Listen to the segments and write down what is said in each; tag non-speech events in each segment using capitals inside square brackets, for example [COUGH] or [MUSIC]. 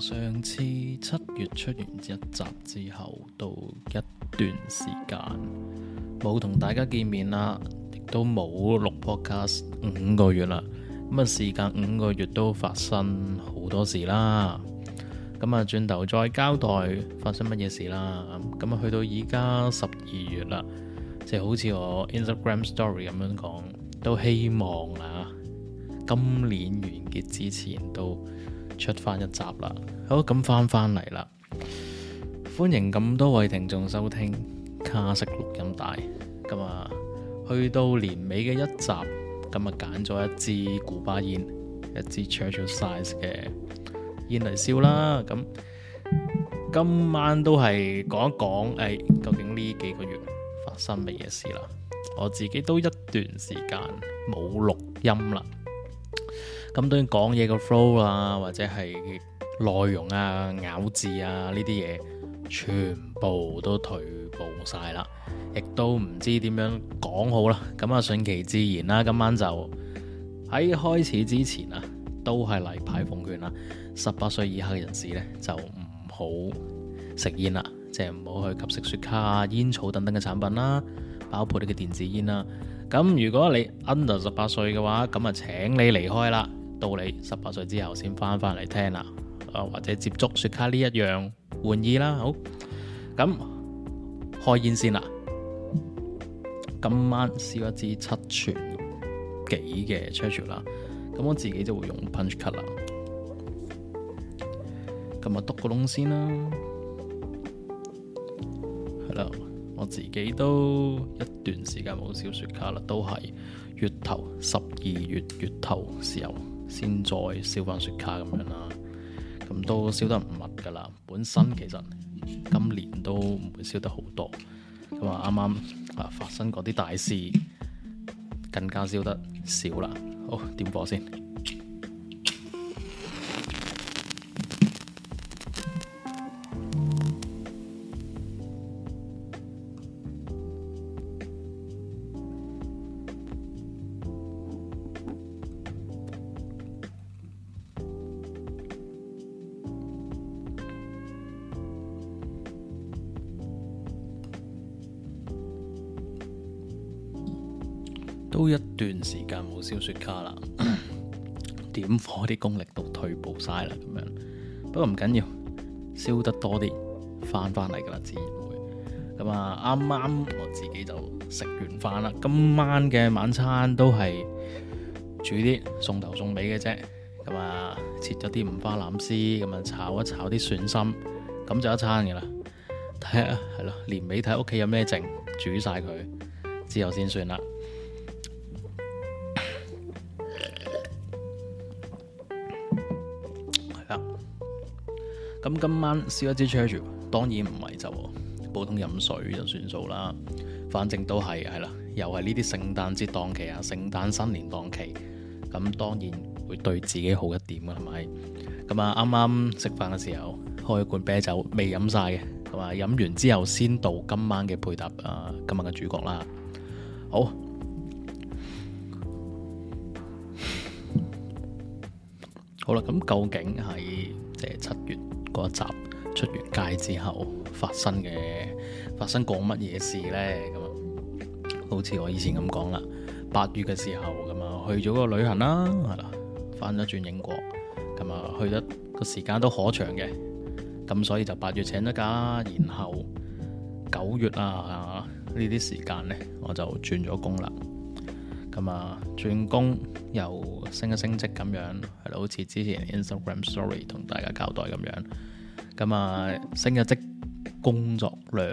上次七月出完一集之後，到一段時間冇同大家見面啦，亦都冇錄 podcast 五個月啦。咁啊，時間五個月都發生好多事啦。咁啊，轉頭再交代發生乜嘢事啦。咁啊，去到而家十二月啦，即係好似我 Instagram story 咁樣講，都希望啊，今年完結之前都。出翻一集啦，好咁翻翻嚟啦，歡迎咁多位聽眾收聽茄式錄音帶咁啊、嗯，去到年尾嘅一集咁啊，揀、嗯、咗一支古巴煙，一支 Churchill Size 嘅煙嚟燒啦，咁、嗯、今晚都係講一講誒、哎，究竟呢幾個月發生乜嘢事啦？我自己都一段時間冇錄音啦。咁對於講嘢個 flow 啊，或者係內容啊、咬字啊呢啲嘢，全部都退步晒啦，亦都唔知點樣講好啦。咁啊，順其自然啦。今晚就喺開始之前啊，都係例牌奉勸啦。十八歲以下嘅人士呢，就唔好食煙啦，即係唔好去吸食雪茄啊、煙草等等嘅產品啦，包括你嘅電子煙啦。咁如果你 under 十八歲嘅話，咁啊請你離開啦。到你十八歲之後先翻翻嚟聽啦，啊或者接觸雪茄呢一樣玩意啦。好，咁開煙先啦，嗯、今晚燒一支七寸幾嘅雪茄啦。咁我自己就會用 punch cut 啦。咁啊篤個窿先啦，係啦，我自己都一段時間冇燒雪茄啦，都係月頭十二月月頭時候。先再燒返雪茄咁樣啦，咁都燒得唔密㗎啦。本身其實今年都唔會燒得好多，咁啊啱啱啊發生嗰啲大事，更加燒得少啦。好，點火先。不過唔緊要，燒得多啲翻返嚟噶啦，自然會。咁啊，啱啱我自己就食完飯啦。今晚嘅晚餐都係煮啲送頭送尾嘅啫。咁啊，切咗啲五花腩絲，咁啊炒一炒啲蒜心，咁就一餐噶啦。睇下係咯，年尾睇屋企有咩剩，煮晒佢之後先算啦。係啦。咁今晚燒一支 cigar 當然唔係就普通飲水就算數啦。反正都係係啦，又係呢啲聖誕節檔期啊，聖誕新年檔期，咁當然會對自己好一點啊係咪？咁啊啱啱食飯嘅時候開一罐啤酒，未飲晒嘅，同埋飲完之後先到今晚嘅配搭啊，今晚嘅主角啦。好，好啦，咁究竟係即係七月。嗰集出完街之後發生嘅發生過乜嘢事呢？咁啊，好似我以前咁講啦，八月嘅時候咁啊去咗嗰個旅行啦，係啦，翻咗轉英國，咁啊去得個時間都可長嘅，咁所以就八月請咗假，然後九月啊呢啲時間呢，我就轉咗工啦。咁啊，轉工又升一升職咁樣，係咯，好似之前 Instagram Story 同大家交代咁樣。咁啊，升一職，工作量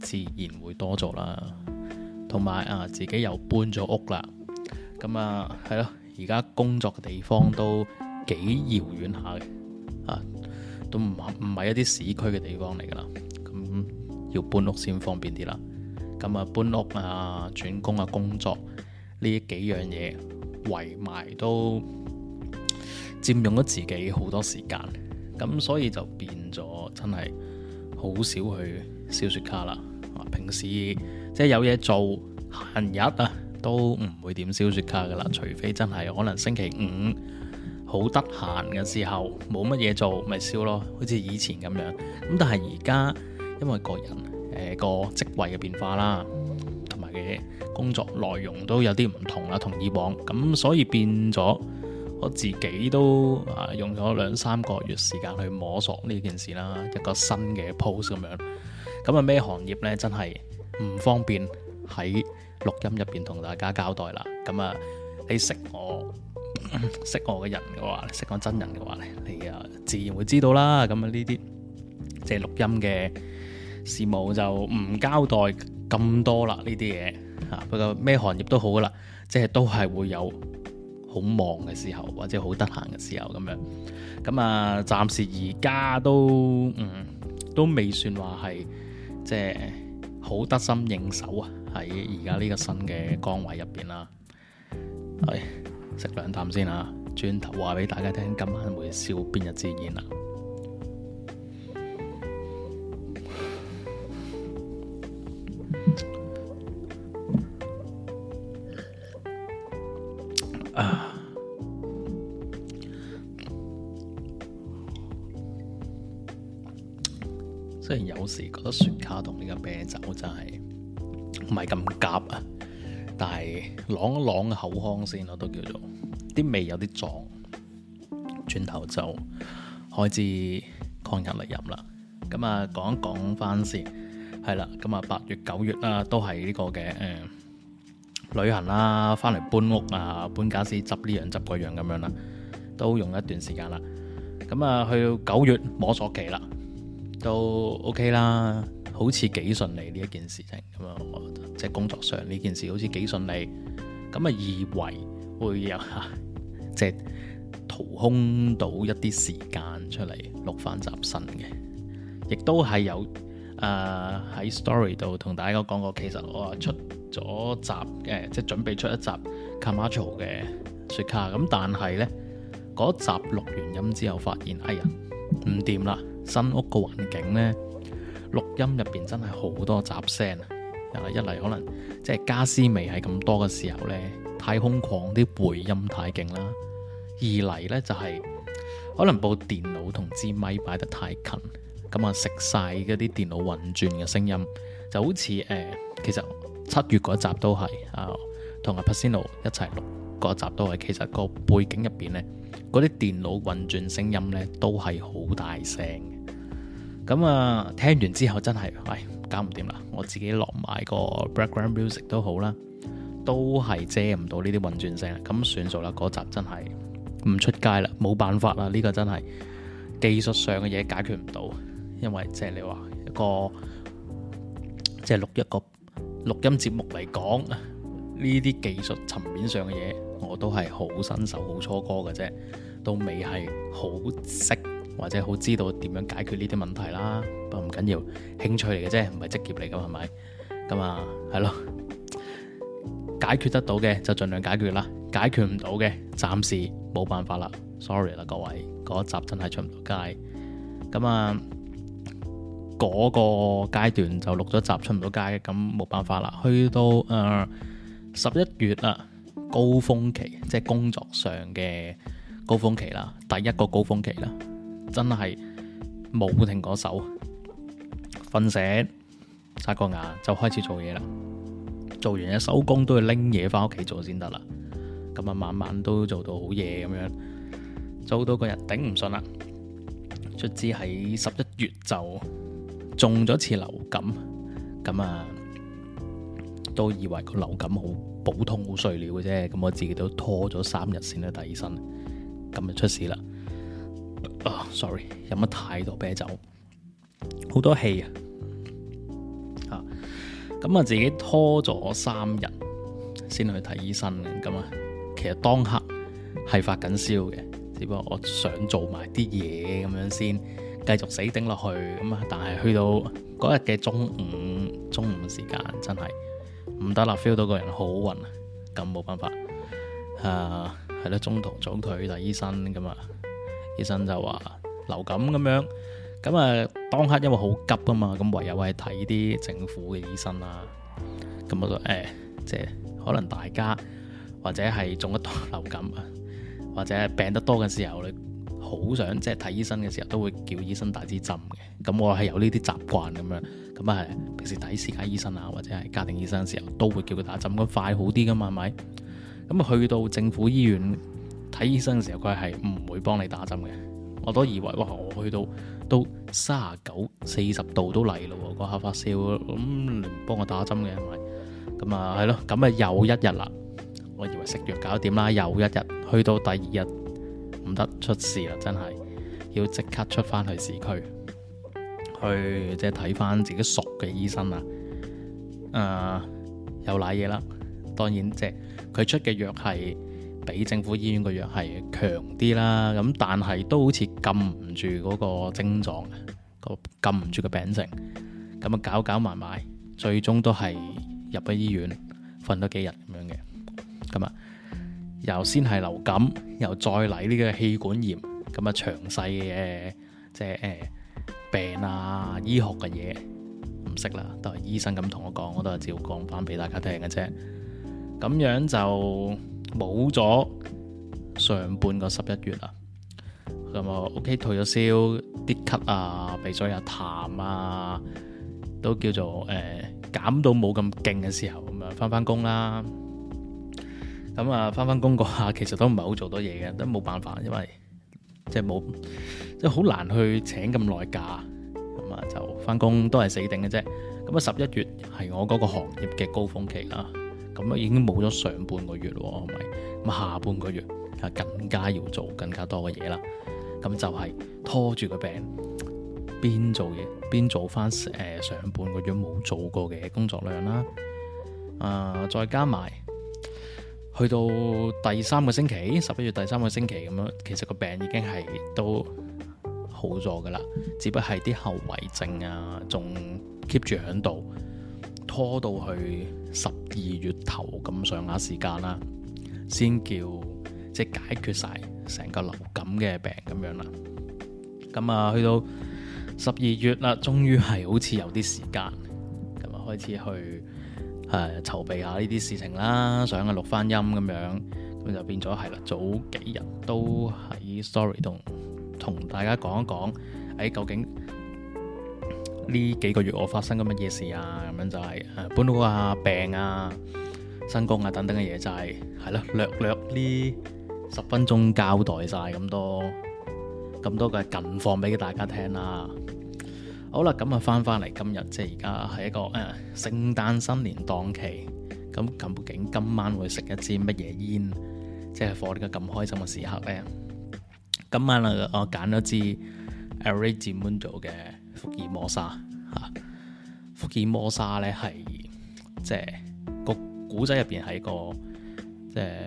自然會多咗啦。同埋啊，自己又搬咗屋啦。咁啊，係咯，而家工作嘅地方都幾遙遠下嘅啊，都唔唔係一啲市區嘅地方嚟噶啦。咁要搬屋先方便啲啦。咁啊，搬屋啊，轉工啊，工作。呢幾樣嘢圍埋都佔用咗自己好多時間，咁所以就變咗真係好少去燒雪茄啦。平時即係有嘢做，閒日啊都唔會點燒雪茄嘅啦，除非真係可能星期五好得閒嘅時候冇乜嘢做，咪燒咯，好似以前咁樣。咁但係而家因為個人誒、呃、個職位嘅變化啦。嘅工作內容都有啲唔同啦，同以往咁，所以變咗我自己都啊用咗兩三個月時間去摸索呢件事啦，一個新嘅 pose 咁樣。咁啊咩行業呢？真係唔方便喺錄音入邊同大家交代啦。咁啊，你識我識我嘅人嘅話，你識講真人嘅話呢，你啊自然會知道啦。咁啊呢啲即係錄音嘅事務就唔交代。咁多啦呢啲嘢嚇，不過咩行業都好噶啦，即係都係會有好忙嘅時候或者好得閒嘅時候咁樣。咁啊，暫時而家都嗯都未算話係即係好得心應手啊，喺而家呢個新嘅崗位入邊啦。係食兩啖先啊，轉頭話俾大家聽今晚會燒邊一支煙啊！ [NOISE] 啊！雖然有時覺得雪茄同呢個啤酒真係唔係咁夾啊，但係朗一朗口腔先咯，都叫做啲味有啲撞，轉頭就開始狂入嚟飲啦。咁啊，講一講返先。係啦，咁啊八月九月啦，都係呢個嘅誒、嗯，旅行啦，翻嚟搬屋啊，搬傢俬，執呢樣執嗰樣咁樣啦，都用一段時間啦。咁啊去到九月摸索期啦，都 OK 啦，好似幾順利呢一件事情咁樣，我即係工作上呢件事好似幾順利。咁啊，以為會有即係掏空到一啲時間出嚟錄翻集新嘅，亦都係有。誒喺、uh, story 度同大家講過，其實我出咗集誒、呃，即係準備出一集《Camacho》嘅雪茄，咁但係呢，嗰集錄完音之後，發現哎呀唔掂啦！新屋個環境呢，錄音入邊真係好多雜聲啊！一嚟可能即係傢俬未係咁多嘅時候呢，太空曠啲回音太勁啦；二嚟呢，就係、是、可能部電腦同支咪擺得太近。咁啊，食晒嗰啲電腦運轉嘅聲音，就好似誒，其實七月嗰集都係啊，同阿 Pasino 一齊錄嗰集都係，其實個背景入面呢，嗰啲電腦運轉聲音呢都係好大聲嘅。咁啊，聽完之後真係，唉，搞唔掂啦！我自己落埋個 background music 都好啦，都係遮唔到呢啲運轉聲。咁算數啦，嗰集真係唔出街啦，冇辦法啦，呢個真係技術上嘅嘢解決唔到。因為即係你話一個即係錄一個錄音節目嚟講，呢啲技術層面上嘅嘢，我都係好新手、好初哥嘅啫，都未係好識或者好知道點樣解決呢啲問題啦。不過唔緊要，興趣嚟嘅啫，唔係職業嚟嘅，係咪咁啊？係咯，解決得到嘅就盡量解決啦。解決唔到嘅，暫時冇辦法啦。Sorry 啦，各位，嗰集真係出唔到街咁啊。嗰個階段就錄咗集，出唔到街，咁冇辦法啦。去到誒十一月啊，高峯期，即係工作上嘅高峯期啦，第一個高峯期啦，真係冇停過手，瞓醒刷個牙就開始做嘢啦。做完嘢收工都要拎嘢翻屋企做先得啦。咁啊，晚晚都做到好夜咁樣，做到個人頂唔順啦。卒之喺十一月就，中咗次流感，咁啊都以為個流感好普通，好碎料嘅啫，咁我自己都拖咗三日先去睇醫生，咁就出事啦。啊，sorry，飲咗太多啤酒，好多氣啊！啊，咁啊自己拖咗三日先去睇醫生嘅，咁啊其實當刻係發緊燒嘅，只不過我想做埋啲嘢咁樣先。繼續死頂落去咁啊！但係去到嗰日嘅中午，中午時間真係唔得啦，feel 到個人好暈啊！咁冇辦法啊，係咯，中途早退睇醫生咁啊，醫生就話流感咁樣，咁啊當刻因為好急噶嘛，咁唯有係睇啲政府嘅醫生啦。咁啊，誒、哎，即係可能大家或者係中得多流感啊，或者病得多嘅時候咧。好想即係睇醫生嘅時候都會叫醫生打支針嘅，咁我係有呢啲習慣咁樣，咁啊係平時睇私家醫生啊或者係家庭醫生嘅時候都會叫佢打針，咁快好啲噶嘛，係咪？咁去到政府醫院睇醫生嘅時候，佢係唔會幫你打針嘅。我都以為哇，我去到都三十九四十度都嚟咯，嗰下發燒咯，咁你唔幫我打針嘅係咪？咁啊係咯，咁啊又一日啦，我以為食藥搞掂啦，又一日去到第二日。唔得，出事啦，真係要即刻出翻去市區，去即係睇翻自己熟嘅醫生啦。誒、呃，又瀨嘢啦，當然即係佢出嘅藥係比政府醫院嘅藥係強啲啦，咁但係都好似禁唔住嗰個症狀嘅，個禁唔住嘅病情，咁啊搞搞埋埋，最終都係入咗醫院瞓咗幾日咁樣嘅，咁啊。又先係流感，又再嚟呢個氣管炎咁啊！詳細嘅即係誒病啊，醫學嘅嘢唔識啦，都係醫生咁同我講，我都係照講翻俾大家聽嘅啫。咁樣就冇咗上半個十一月啦。咁啊，OK，退咗燒，啲咳啊、鼻水有、啊、痰啊，都叫做誒減、呃、到冇咁勁嘅時候，咁啊，翻返工啦。咁啊，翻翻工個下，其實都唔係好做到嘢嘅，都冇辦法，因為即係冇即係好難去請咁耐假。咁啊，就翻工都係死定嘅啫。咁啊，十一月係我嗰個行業嘅高峰期啦。咁啊，已經冇咗上半個月喎，咪咁下半個月啊，更加要做更加多嘅嘢啦。咁就係拖住個病，邊做嘢邊做翻誒上半個月冇做過嘅工作量啦。啊，再加埋。去到第三個星期，十一月第三個星期咁樣，其實個病已經係都好咗噶啦，只不係啲後遺症啊，仲 keep 住喺度，拖到去十二月頭咁上下時間啦，先叫即係解決晒成個流感嘅病咁樣啦。咁啊，去到十二月啦，終於係好似有啲時間，咁啊開始去。誒、啊、籌備下呢啲事情啦，想啊錄翻音咁樣，咁就變咗係啦。早幾日都喺 story 度同大家講一講，誒、欸、究竟呢幾個月我發生咗乜嘢事啊？咁樣就係、是、誒，搬屋啊、病啊、新工啊等等嘅嘢、就是，就係係啦，略略呢十分鐘交代晒咁多咁多嘅近況俾大家聽啦。好啦，咁啊翻翻嚟，今日即係而家係一個誒、呃、聖誕新年檔期，咁究竟今晚會食一支乜嘢煙？即係放呢個咁開心嘅時刻咧。今晚啊，我揀咗支 Ariat Mundo 嘅福爾摩沙嚇、啊。福爾摩沙咧係即係個古仔入邊係一個即係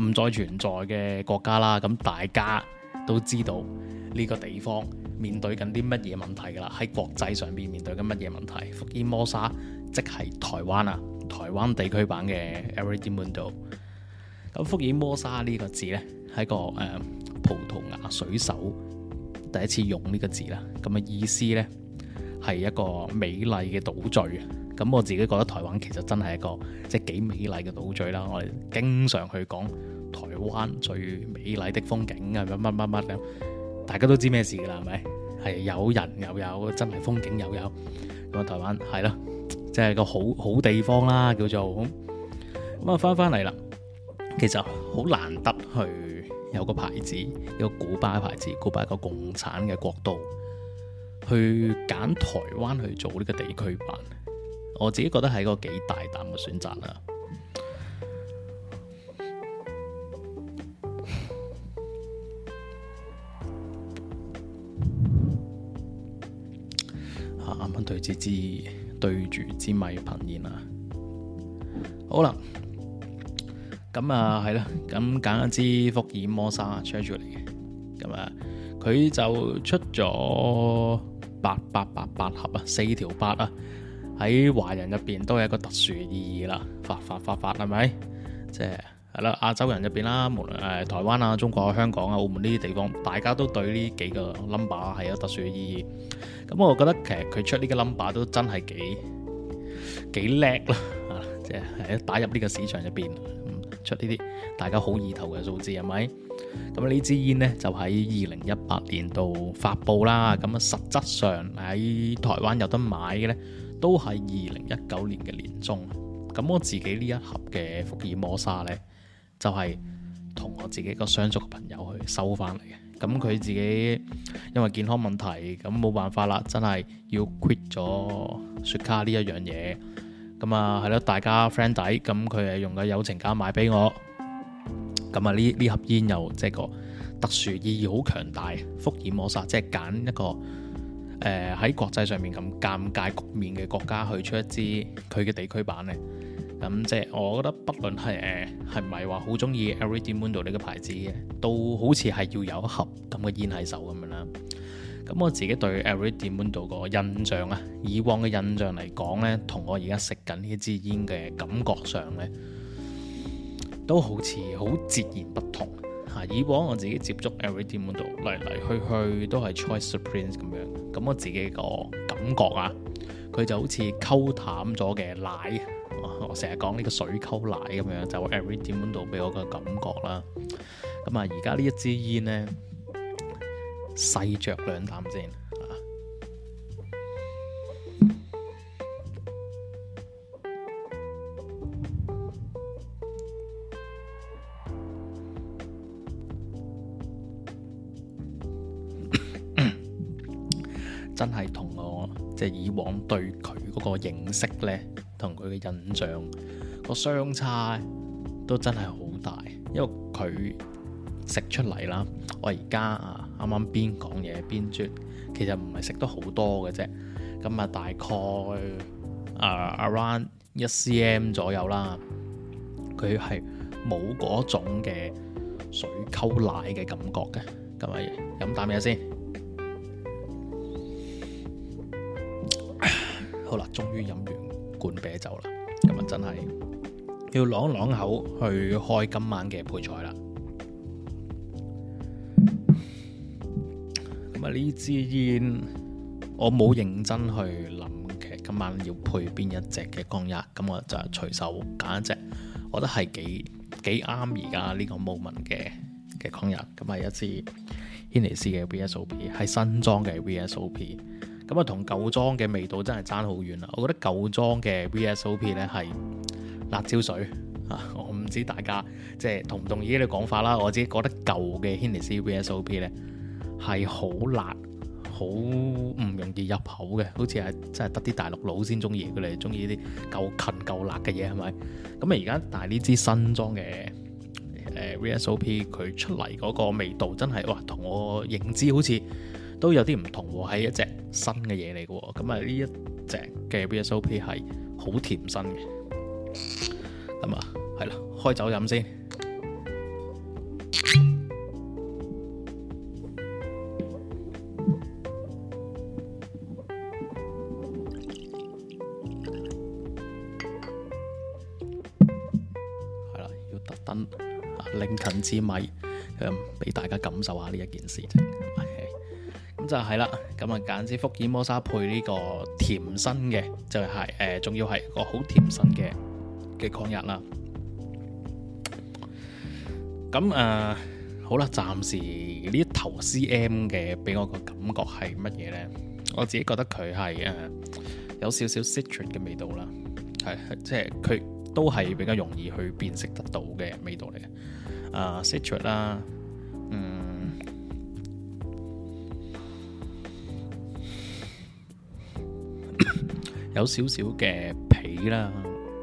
唔再存在嘅國家啦。咁大家都知道呢個地方。面對緊啲乜嘢問題㗎啦？喺國際上邊面面對緊乜嘢問題？福爾摩沙即係台灣啊！台灣地區版嘅、e《Everyday Mundo》咁，福爾摩沙呢個字咧，係一個誒、呃、葡萄牙水手第一次用呢個字啦。咁、這、嘅、個、意思呢，係一個美麗嘅島嶼啊！咁我自己覺得台灣其實真係一個即係幾美麗嘅島嶼啦。我哋經常去講台灣最美麗的風景啊，乜乜乜乜。大家都知咩事㗎啦，係咪？係有人又有，有，真係風景又有咁啊！台灣係咯，即係、就是、個好好地方啦，叫做咁啊！翻翻嚟啦，其實好難得去有個牌子，有一個古巴嘅牌子，古巴一個共產嘅國度，去揀台灣去做呢個地區版，我自己覺得係個幾大膽嘅選擇啦、啊。啱啱對住支對住支米噴煙啦，好啦，咁啊係啦，咁揀一支福爾摩沙啊，出嚟嘅，咁啊佢就出咗八八八八盒啊，四條八啊，喺華人入邊都係一個特殊意義啦，發發發發係咪？即係。係啦，亞洲人入邊啦，無論誒台灣啊、中國啊、香港啊、澳門呢啲地方，大家都對呢幾個 number 係有特殊嘅意義的。咁我覺得其實佢出呢個 number 都真係幾幾叻啦，即 [LAUGHS] 係打入呢個市場入邊，出呢啲大家好意頭嘅數字係咪？咁呢支煙呢，就喺二零一八年度發佈啦，咁啊實質上喺台灣有得買嘅呢，都係二零一九年嘅年中。咁我自己呢一盒嘅福爾摩沙呢，就係同我自己個相熟嘅朋友去收翻嚟嘅，咁佢自己因為健康問題，咁冇辦法啦，真係要 quit 咗雪茄呢一樣嘢，咁啊係咯，大家 friend 底。咁佢係用個友情價買俾我，咁啊呢呢盒煙又即係、就是、個特殊意義好強大，福爾摩沙即係揀一個誒喺、呃、國際上面咁尷尬局面嘅國家去出一支佢嘅地區版咧。咁即係，我覺得不論係誒係咪話好鍾意 Everyday Mundo 呢個牌子嘅，都好似係要有一盒咁嘅煙喺手咁樣啦。咁我自己對 Everyday Mundo 個印象啊，以往嘅印象嚟講咧，同我而家食緊呢支煙嘅感覺上咧，都好似好截然不同嚇、啊。以往我自己接觸 Everyday Mundo 嚟嚟去去都係 Choice Supreme 咁樣，咁我自己個感覺啊，佢就好似溝淡咗嘅奶。我成日講呢個水溝奶咁樣，就是、Every 點樣度俾我個感覺啦。咁啊，而家呢一支煙呢，細着兩啖先啊！ [NOISE] [COUGHS] 真係同。以往對佢嗰個認識咧，同佢嘅印象個相差都真係好大，因為佢食出嚟啦。我而家啊，啱啱邊講嘢邊啜，其實唔係食得好多嘅啫。咁啊，大概啊 around 一 cm 左右啦。佢係冇嗰種嘅水溝奶嘅感覺嘅。咁咪飲啖嘢先。好啦，終於飲完罐啤酒啦，今日真係要朗朗口去開今晚嘅配菜啦。咁啊，呢支煙，我冇認真去諗，其實今晚要配邊一隻嘅干邑，咁我就隨手揀一隻，我覺得係幾幾啱而家呢個 moment 嘅嘅干邑，咁係一支軒尼詩嘅 VSOP，係新裝嘅 VSOP。咁啊，同舊裝嘅味道真係爭好遠啦！我覺得舊裝嘅 VSOP 咧係辣椒水啊，我唔知大家即係同唔同意呢啲講法啦。我自己覺得舊嘅 Hennessy VSOP 咧係好辣，好唔容易入口嘅，好似係真係得啲大陸佬先中意佢哋，中意啲夠近夠辣嘅嘢係咪？咁啊，而家但係呢支新裝嘅誒 VSOP 佢出嚟嗰個味道真係哇，同我認知好似～都有啲唔同喎，係一,一隻新嘅嘢嚟嘅喎。咁啊呢一隻嘅 VSOP 係好甜身嘅。咁啊係啦，開酒飲先，係啦，要特登拎近支咪咁俾大家感受下呢一件事就係啦，咁啊，揀支福爾摩沙配呢個甜身嘅就係、是、誒，仲、呃、要係個好甜身嘅嘅抗壓啦。咁啊、呃，好啦，暫時呢頭 C M 嘅俾我個感覺係乜嘢呢？我自己覺得佢係誒有少少 citrus 嘅味道啦，係即係佢都係比較容易去辨識得到嘅味道嚟嘅，啊、呃、citrus 啦。有少少嘅皮啦、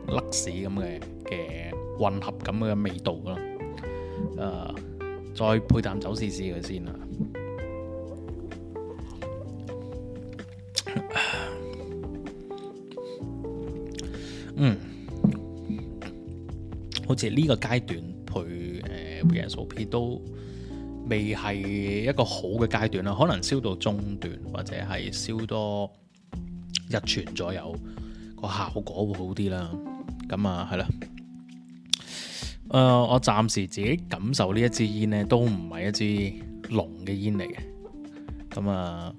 甩屎咁嘅嘅混合咁嘅味道咯，誒，再配啖酒試試佢先啦。嗯，好似呢個階段，配誒 whisky 都未係一個好嘅階段啦，可能燒到中段或者係燒多一寸左右，個效果會好啲啦，咁啊係啦，誒、呃、我暫時自己感受一呢一支煙咧，都唔係一支濃嘅煙嚟嘅，咁啊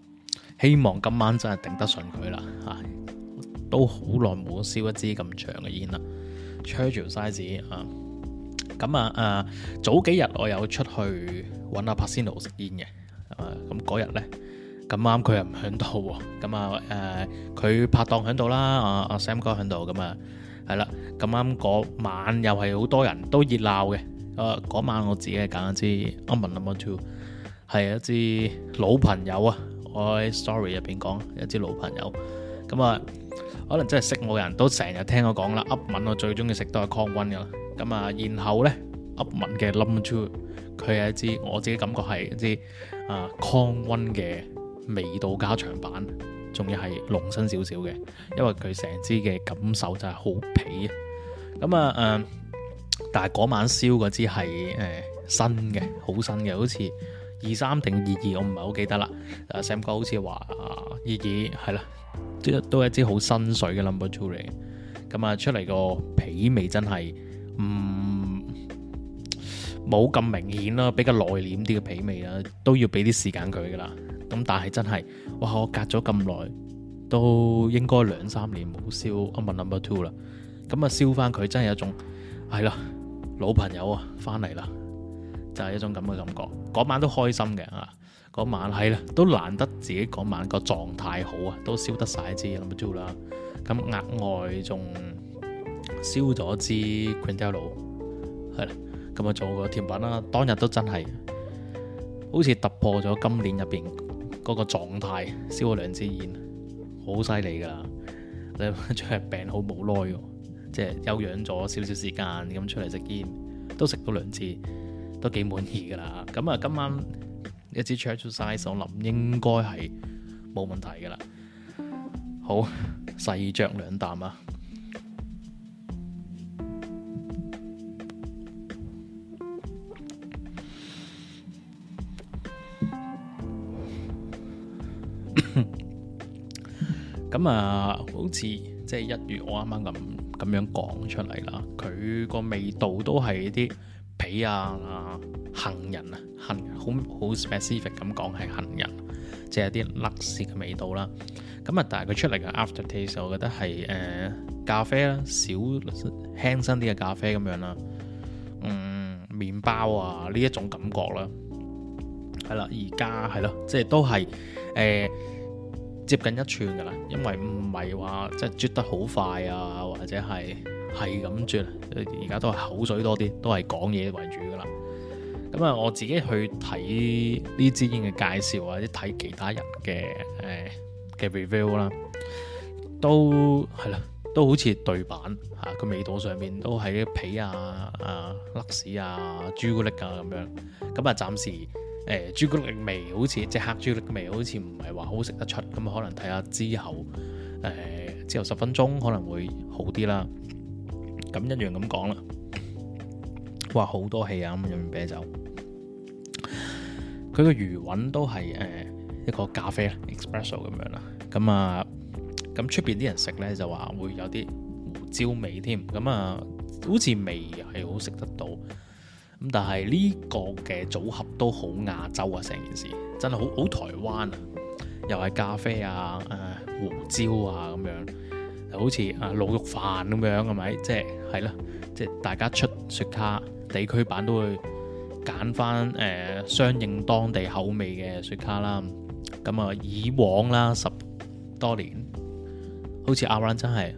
希望今晚真係頂得順佢啦嚇，都好耐冇燒一支咁長嘅煙啦，Churchill size 啊，咁啊誒、啊、早幾日我有出去揾阿帕仙奴食煙嘅，咁、那、嗰、個、日咧。咁啱佢又唔喺度喎，咁、嗯、啊誒佢拍檔喺度啦，阿、啊、阿 Sam 哥喺度，咁啊係啦，咁啱嗰晚又係好多人都熱鬧嘅，啊嗰晚我自己係揀一支 Upman Number Two，係一支老朋友啊，我喺 story 入邊講一支老朋友，咁啊、嗯、可能真係識我人都成日聽我講啦，Upman 我最中意食都係康溫噶啦，咁、嗯、啊然後咧 Upman 嘅 Number Two，佢係一支我自己感覺係一支啊康溫嘅。味道加長版，仲要係濃身少少嘅，因為佢成支嘅感受就係好皮啊。咁啊，誒，但係嗰晚燒嗰支係誒新嘅，好新嘅，好似二三定二二，我唔係好記得啦。Sam 哥好似話二二係啦，即係都係一支好新水嘅 number two 嚟。咁、嗯、啊，出嚟個皮味真係唔冇咁明顯咯，比較內斂啲嘅皮味啦，都要俾啲時間佢噶啦。咁但係真係，哇！我隔咗咁耐，都應該兩三年冇燒一晚 number two 啦。咁啊燒翻佢真係一種係啦，老朋友啊翻嚟啦，就係、是、一種咁嘅感覺。嗰晚都開心嘅啊，嗰晚係啦，都難得自己嗰晚個狀態好啊，都燒得晒支 number two 啦。咁額外仲燒咗支 Quintero，係啦，咁啊做個甜品啦。當日都真係好似突破咗今年入邊。嗰個狀態，燒咗兩支煙，好犀利㗎！你出嚟病好冇耐喎，即係休養咗少少時間咁出嚟食煙，都食到兩支，都幾滿意㗎啦。咁啊，今晚一支 check size，我諗應該係冇問題㗎啦。好，細酌兩啖啊！咁啊，好似即係一月我啱啱咁咁樣講出嚟啦，佢個味道都係啲皮啊、杏仁啊、杏好好 specific 咁講係杏仁，即係啲 nuts 嘅味道啦。咁啊，但係佢出嚟嘅 after taste，我覺得係誒、呃、咖啡啦，少輕身啲嘅咖啡咁樣啦，嗯，麵包啊呢一種感覺啦，係啦，而家係咯，即係都係誒。呃接近一寸噶啦，因為唔係話即係啜得好快啊，或者係係咁啜，而家都係口水多啲，都係講嘢為主噶啦。咁啊，我自己去睇呢支煙嘅介紹或者睇其他人嘅誒嘅 review 啦，都係啦，都好似對版嚇個、啊、味道上面都係啲皮啊、啊、lux 啊、朱古力啊咁樣。咁啊，暫時。誒朱古力味好似，即黑朱古力味好似唔係話好食得出，咁可能睇下之後，誒、呃、之後十分鐘可能會好啲啦。咁一樣咁講啦。哇，好多氣啊！咁飲啤酒，佢個餘韻都係誒、呃、一個咖啡咧，espresso 咁樣啦。咁啊，咁出邊啲人食咧就話會有啲胡椒味添。咁啊，好似味係好食得到。咁但係呢個嘅組合都好亞洲啊，成件事真係好好台灣啊，又係咖啡啊、誒胡椒啊咁樣，就好似啊鹵肉飯咁樣係咪？即係係啦，即係大家出雪卡地區版都會揀翻誒相應當地口味嘅雪卡啦。咁啊以往啦十多年，好似阿 Ron 真係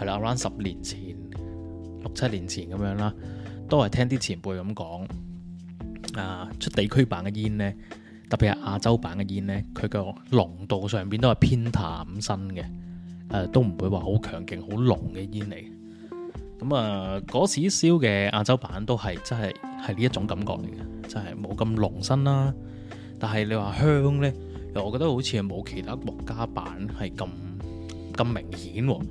係啦，阿 Ron 十年前六七年前咁樣啦。都係聽啲前輩咁講，啊出地區版嘅煙呢，特別係亞洲版嘅煙呢，佢個濃度上邊都係偏淡身嘅，誒、啊、都唔會話好強勁、好濃嘅煙嚟。咁啊，嗰時燒嘅亞洲版都係真係係呢一種感覺嚟嘅，真係冇咁濃身啦。但係你話香呢，又我覺得好似冇其他國家版係咁咁明顯喎。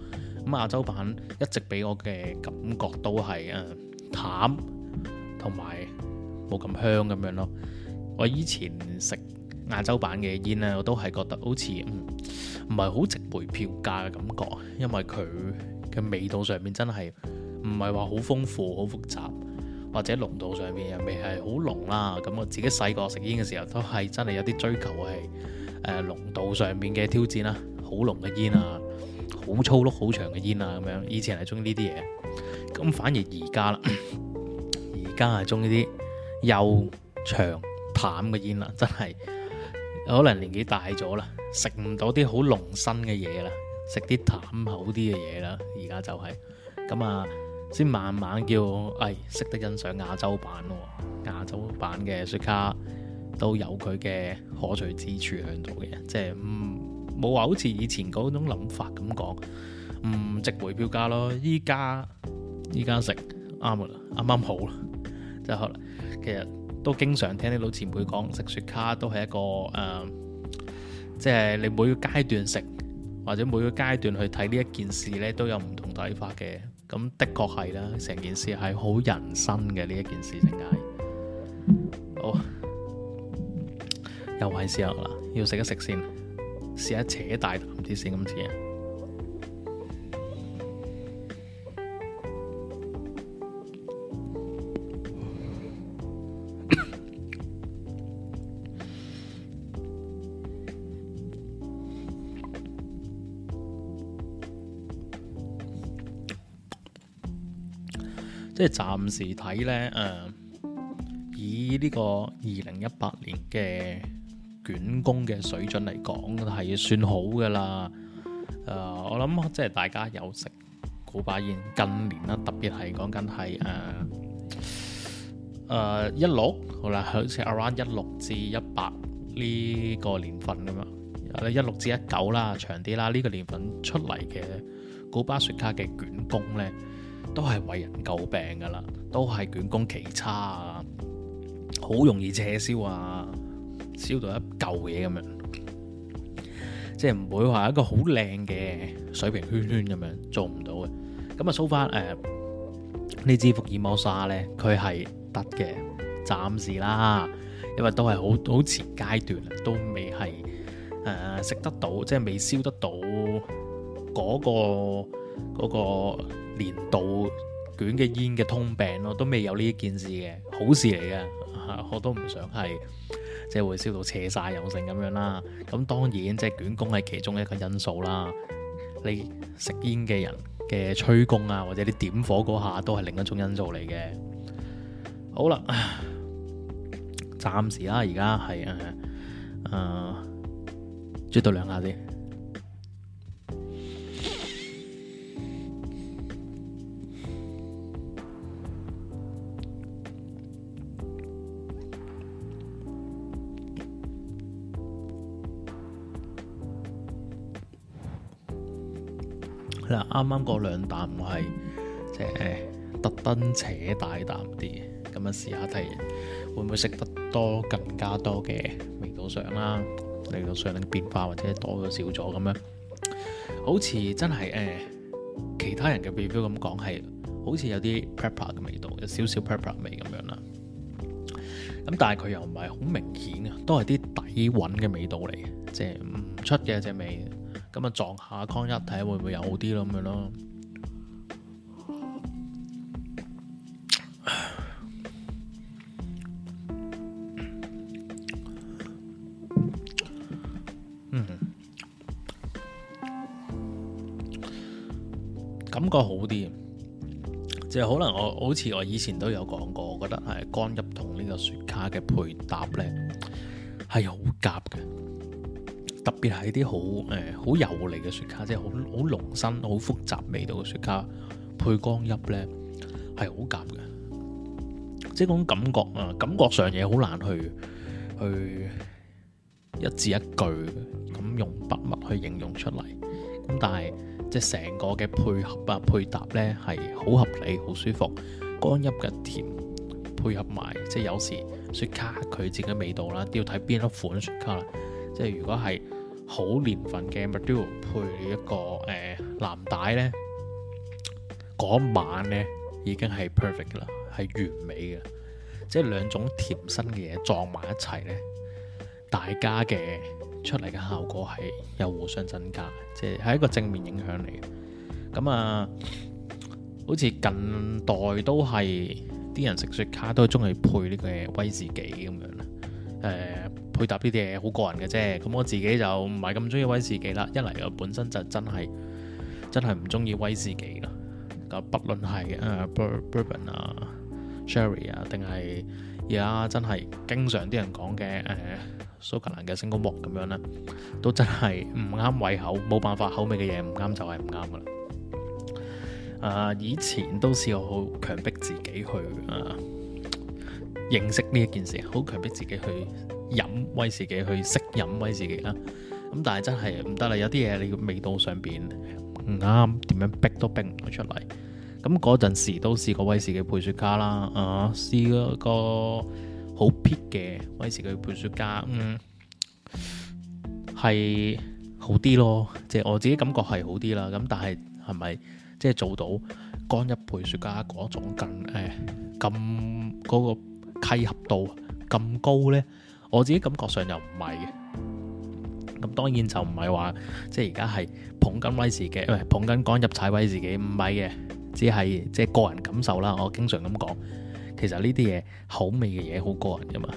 咁亞洲版一直俾我嘅感覺都係誒。淡同埋冇咁香咁樣咯。我以前食亞洲版嘅煙咧，我都係覺得好似唔唔係好值回票價嘅感覺，因為佢嘅味道上面真係唔係話好豐富、好複雜，或者濃度上面又未係好濃啦。咁我自己細個食煙嘅時候,的時候都係真係有啲追求係誒、呃、濃度上面嘅挑戰啦，好濃嘅煙啊！好粗碌、好長嘅煙啊，咁樣以前係中意呢啲嘢，咁反而而家啦，而家係中意啲幼長淡嘅煙啦，真係可能年紀大咗啦，食唔到啲好濃身嘅嘢啦，食啲淡口啲嘅嘢啦，而家就係、是、咁啊，先慢慢叫誒識、哎、得欣賞亞洲版喎，亞洲版嘅雪茄都有佢嘅可取之處喺度嘅，即係嗯。冇話好似以前嗰種諗法咁講，唔值回票價咯。依家依家食啱噶啦，啱啱好啦。即係可能，其實都經常聽啲老前輩講食雪茄都係一個誒，即、呃、係、就是、你每個階段食或者每個階段去睇呢一件事咧，都有唔同睇法嘅。咁的確係啦，成件事係好人生嘅呢一件事情係。好，又係時候啦，要食一食先。試下扯大膽啲先，咁先。今次 [COUGHS] [COUGHS] 即係暫時睇咧，誒，以呢個二零一八年嘅捲工嘅水準嚟講係算好嘅啦、呃，我諗即係大家有食古巴煙，近年啊特別係講緊係誒誒一六好啦，好似 around 一六至一八呢個年份咁嘛，19, 一六至一九啦長啲啦，呢、呢個年份出嚟嘅古巴雪茄嘅捲工咧都係為人詬病嘅啦，都係捲工奇差啊，好容易扯燒啊！燒到一舊嘢咁樣，即係唔會話一個好靚嘅水平圈圈咁樣做唔到嘅。咁啊，收返，呃，呢支福爾摩沙咧，佢係得嘅，暫時啦，因為都係好好前階段都未係、呃、食得到，即係未燒得到嗰個嗰個年度捲嘅煙嘅通病咯，都未有呢一件事嘅好事嚟嘅、呃，我都唔想係。即係會燒到扯晒有成咁樣啦，咁當然即係捲工係其中一個因素啦。你食煙嘅人嘅吹功啊，或者你點火嗰下都係另一種因素嚟嘅。好啦，暫時啦、啊，而家係誒追到兩下先。啱啱嗰兩啖係即係特登扯大啖啲，咁樣試下睇會唔會食得多更加多嘅味道上啦、啊，味道上嘅變化或者多咗少咗咁樣，好似真係誒、呃、其他人嘅 review 咁講係，好似有啲 pepper 嘅味道，有少少 pepper 味咁樣啦。咁但係佢又唔係好明顯啊，都係啲底韻嘅味道嚟嘅，即係唔出嘅隻味。咁啊，撞下康一睇會唔會有啲咁樣咯？感覺好啲，即係可能我好似我以前都有講過，我覺得係乾邑同呢個雪茄嘅配搭呢係好夾嘅。特別係啲好誒好油膩嘅雪茄，即係好好濃身、好複雜味道嘅雪茄。配乾邑咧，係好夾嘅。即係嗰種感覺啊，感覺上嘢好難去去一字一句咁用筆墨去形容出嚟。咁但係即係成個嘅配合啊、配搭咧，係好合理、好舒服。乾邑嘅甜配合埋即係有時雪茄佢自己味道啦，都要睇邊一款雪茄啦。即係如果係。好年份嘅 Maduro 配一個誒、呃、藍帶咧，嗰晚咧已經係 perfect 啦，係完美嘅。即係兩種甜身嘅嘢撞埋一齊咧，大家嘅出嚟嘅效果係有互相增加，即係係一個正面影響嚟嘅。咁啊，好似近代都係啲人食雪茄都係中意配呢個威士忌咁樣啦，誒、呃。配搭呢啲嘢好個人嘅啫。咁我自己就唔係咁中意威士忌啦。一嚟我本身就真係真係唔中意威士忌啦。咁不論係誒、呃、Bourbon 啊、Sherry 啊，定係而家真係經常啲人講嘅誒蘇格蘭嘅 single malt 咁樣咧，都真係唔啱胃口，冇辦法，口味嘅嘢唔啱就係唔啱噶啦。啊、呃，以前都試過好強逼自己去啊認識呢一件事，好強逼自己去。呃飲威士忌去識飲威士忌啦，咁但係真係唔得啦。有啲嘢你味道上邊唔啱，點樣逼都逼唔到出嚟。咁嗰陣時都試過威士忌配雪茄啦，啊試過個好撇嘅威士忌配雪茄，嗯係好啲咯，即係我自己感覺係好啲啦。咁但係係咪即係做到干邑配雪茄嗰種咁誒咁嗰個契合度咁高咧？我自己感覺上又唔係嘅，咁當然就唔係話即係而家係捧緊威士忌，喂，捧緊干邑踩威士忌唔係嘅，只係即係個人感受啦。我經常咁講，其實呢啲嘢口味嘅嘢好個人㗎嘛。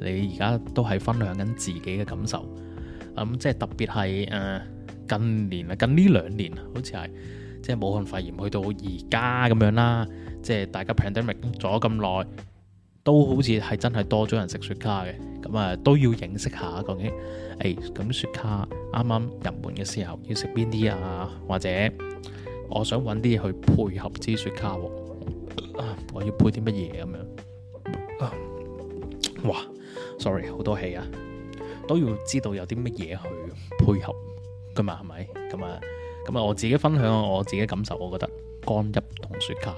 你而家都係分享緊自己嘅感受，咁即係特別係誒近年啊，近呢兩年啊，好似係即係武漢肺炎去到而家咁樣啦，即係大家 pandemic 咗咁耐。都好似係真係多咗人食雪茄嘅，咁啊都要認識下究竟，誒、哎、咁雪茄啱啱入門嘅時候要食邊啲啊？或者我想揾啲嘢去配合支雪茄，哦啊，我要配啲乜嘢咁樣？哇，sorry 好多氣啊！都要知道有啲乜嘢去配合嘅嘛係咪？咁啊咁啊，我自己分享我自己感受，我覺得乾邑同雪茄，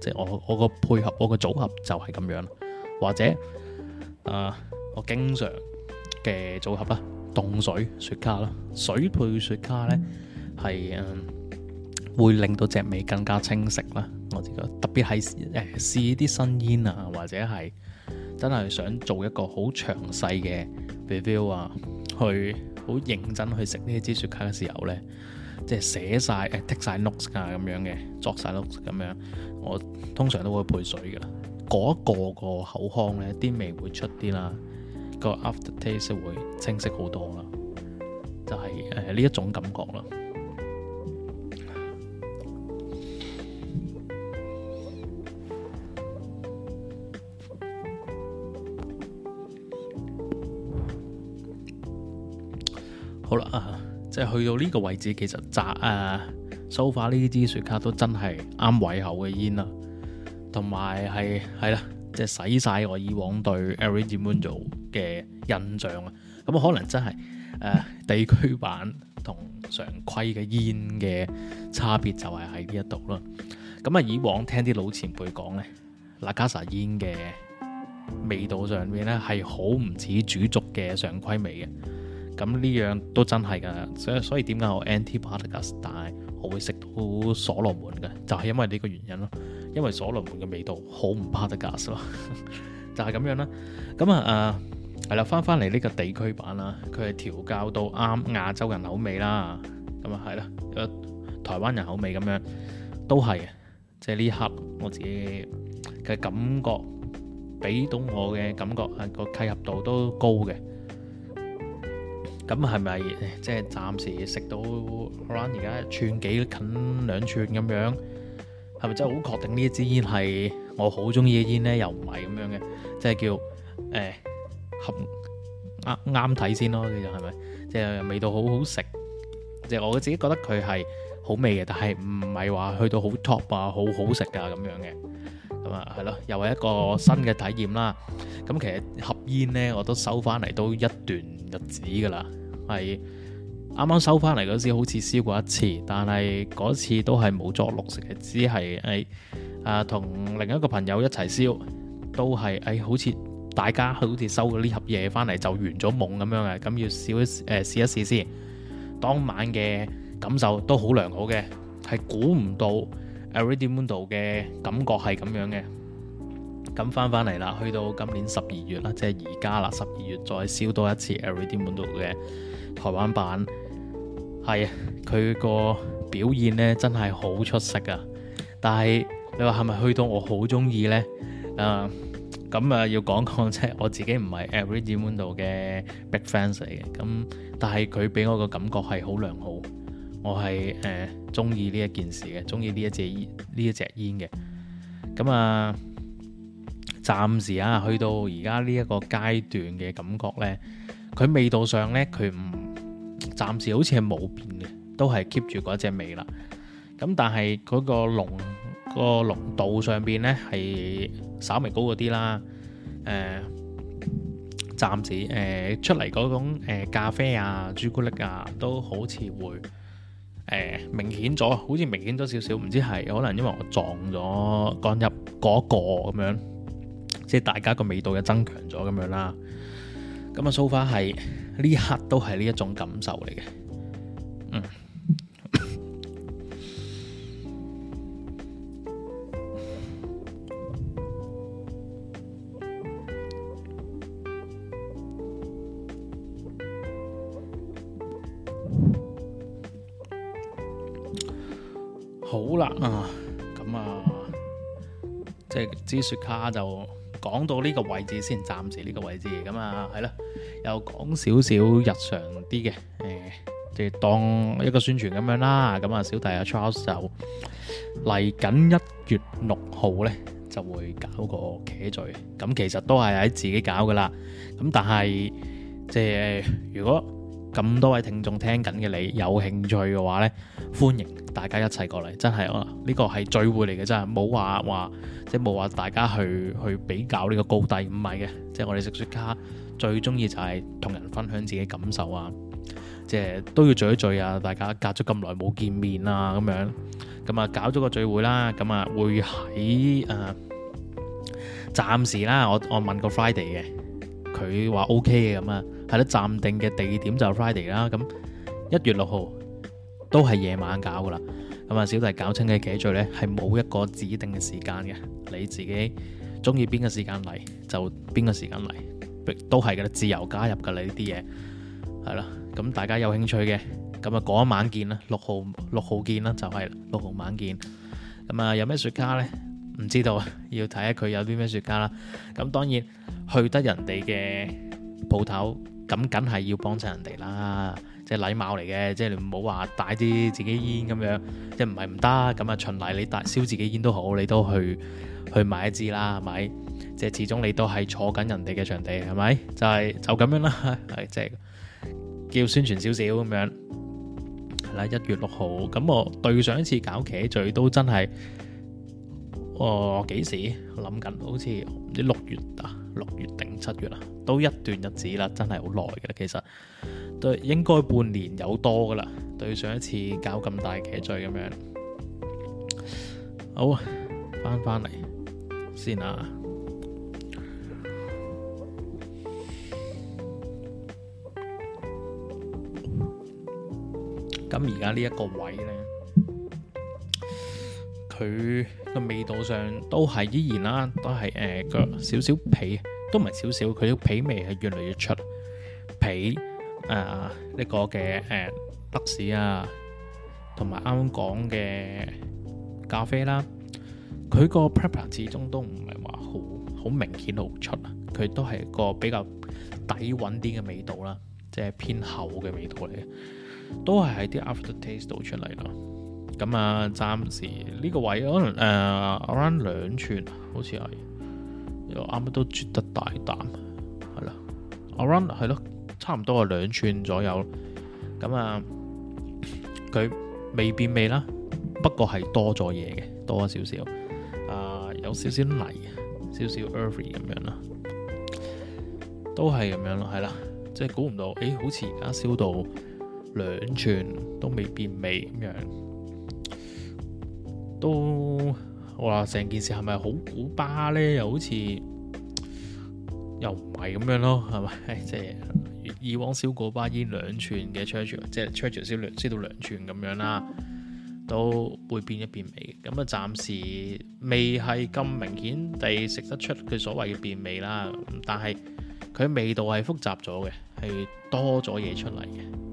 即、就、係、是、我我個配合我個組合就係咁樣啦。或者，啊、呃，我經常嘅組合啦，凍水雪茄啦，水配雪茄咧，係、嗯、會令到隻味更加清晰啦。我覺得特別係誒試啲新煙啊，或者係真係想做一個好詳細嘅 review 啊，去好認真去食呢支雪茄嘅時候咧，即係寫曬誒剔晒，notes 啊，咁、呃、樣嘅作晒 notes 咁樣，我通常都會配水噶。嗰一個個口腔咧，啲味道會出啲啦，個 after taste 會清晰好多啦，就係誒呢一種感覺啦。好啦啊，即係去到呢個位置，其實炸、啊、sofa 呢支雪茄都真係啱胃口嘅煙啦。同埋係係啦，即係、就是、洗晒我以往對 Ari Zamundo 嘅印象啊！咁可能真係誒、呃，地區版同常規嘅煙嘅差別就係喺呢一度啦。咁啊，以往聽啲老前輩講咧，La Casa 煙嘅味道上面咧係好唔似煮足嘅常規味嘅。咁呢樣都真係噶，所以所以點解我 NT i Partagas 但係我會食到所羅門嘅，就係、是、因為呢個原因咯。因為所羅門嘅味道好唔 Partagas 就係、是、咁樣啦。咁啊啊，係啦，翻翻嚟呢個地區版啦，佢係調教到啱亞洲人口味啦。咁啊係啦，台灣人口味咁樣都係啊。即係呢一刻我自己嘅感覺，俾到我嘅感覺係個、呃、契合度都高嘅。咁係咪即係暫時食到？而家一寸幾近兩寸咁樣？係咪真係好確定呢一支煙係我好中意嘅煙咧？又唔係咁樣嘅，即係叫誒、呃、合啱啱睇先咯。其實係咪即係味道好好食？即係我自己覺得佢係好味嘅，但係唔係話去到好 top 啊、好好食啊咁樣嘅。咁啊，係咯，又係一個新嘅體驗啦。咁、嗯、其實盒煙咧，我都收翻嚟都一段日子噶啦，係。啱啱收翻嚟嗰時，好似燒過一次，但係嗰次都係冇作綠食嘅，只係誒、哎、啊同另一個朋友一齊燒，都係誒、哎、好似大家好似收咗呢盒嘢翻嚟就完咗夢咁樣嘅，咁要燒一誒試一試先。當晚嘅感受都好良好嘅，係估唔到 Arid Mundo 嘅感覺係咁樣嘅。咁翻翻嚟啦，去到今年十二月啦，即係而家啦，十二月再燒多一次 Arid Mundo 嘅台灣版。係啊，佢個表現咧真係好出色啊。但係你話係咪去到我好中意呢？啊，咁啊要講講即係我自己唔係 Rey del Mundo 嘅 big fans 嚟嘅。咁但係佢俾我個感覺係好良好，我係誒中意呢一件事嘅，中意呢一隻呢一隻煙嘅。咁啊，暫時啊去到而家呢一個階段嘅感覺呢，佢味道上呢，佢唔。暫時好似係冇變嘅，都係 keep 住嗰隻味啦。咁但係嗰個濃個濃度上邊咧係稍微高嗰啲啦。誒、呃，暫時誒、呃、出嚟嗰種、呃、咖啡啊、朱古力啊，都好似會誒、呃、明顯咗，好似明顯咗少少。唔知係可能因為我撞咗，講入嗰個咁樣，即係大家個味道又增強咗咁樣啦。咁啊，so far 係。呢一刻都係呢一種感受嚟嘅、嗯， [COUGHS] [COUGHS] 好啦，啊，咁啊，即係支雪茄就。講到呢個位置先，暫時呢個位置嚟咁啊，係啦，又講少少日常啲嘅，誒，即係當一個宣傳咁樣啦。咁啊，小弟阿 Charles 就嚟緊一月六號呢，就會搞個茄聚，咁其實都係喺自己搞噶啦。咁但係即係如果咁多位聽眾聽緊嘅你有興趣嘅話呢，歡迎。大家一齊過嚟，真係啊呢個係聚會嚟嘅，真係冇話話，即係冇話大家去去比較呢個高低，唔係嘅，即係我哋食雪茄最中意就係同人分享自己的感受啊，即係都要聚一聚啊，大家隔咗咁耐冇見面啊，咁樣咁啊，搞咗個聚會啦，咁啊會喺誒、呃、暫時啦，我我問過 Friday 嘅，佢話 OK 嘅咁啊，係啦，暫定嘅地點就 Friday 啦，咁一月六號。都係夜晚搞噶啦，咁啊小弟搞清嘅幾聚呢，係冇一個指定嘅時間嘅，你自己中意邊個時間嚟，就邊個時間嚟，都係噶啦，自由加入噶啦呢啲嘢，係啦，咁大家有興趣嘅，咁啊嗰一晚見啦，六號六號見啦，就係六號晚見，咁啊有咩雪茄呢？唔知道，要睇下佢有啲咩雪茄啦，咁當然去得人哋嘅鋪頭。咁梗係要幫襯人哋啦，即係禮貌嚟嘅，即係你唔好話帶啲自己煙咁樣，即係唔係唔得，咁啊循例，你帶燒自己煙都好，你都去去買一支啦，係咪？即係始終你都係坐緊人哋嘅場地，係咪？就係就咁樣啦，係即係叫宣傳少少咁樣，係啦，一月六號，咁我對上一次搞茄聚都真係。哦、我幾時諗緊？好似唔知六月啊，六月定七月啊，都一段日子啦，真係好耐嘅啦。其實對，應該半年有多噶啦。對上一次搞咁大嘅罪咁樣，好翻翻嚟先啊。咁而家呢一個位咧，佢。個味道上都係依然啦、啊，都係誒個少少皮，都唔係少少，佢啲皮味係越嚟越出皮誒呢、呃這個嘅誒、呃、德士啊，同埋啱啱講嘅咖啡啦，佢個 prep 始終都唔係話好好明顯露出啊，佢都係個比較底穩啲嘅味道啦，即係偏厚嘅味道嚟嘅，都係喺啲 aftertaste 度出嚟咯。咁啊，暫時呢個位可能誒、呃、around 兩寸，好似係又啱啱都啜得大啖，係啦，around 係咯，差唔多係兩寸左右。咁啊，佢未變味啦，不過係多咗嘢嘅，多咗少少啊，有少少泥少少 earthy 咁樣啦，都係咁樣咯，係啦，即係估唔到，誒、欸、好似而家燒到兩寸都未變味咁樣。都話成件事係咪好古巴咧？又好似又唔係咁樣咯，係咪？即係以往燒古巴依兩寸嘅 church，即係燒，燒到兩寸咁樣啦，都會變一變味。咁啊，暫時未係咁明顯地食得出佢所謂嘅變味啦。但係佢味道係複雜咗嘅，係多咗嘢出嚟嘅。